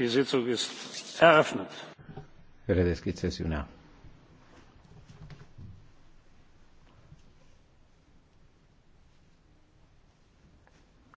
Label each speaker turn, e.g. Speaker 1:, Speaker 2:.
Speaker 1: Die Sitzung ist
Speaker 2: Redeschid
Speaker 3: sesiunea.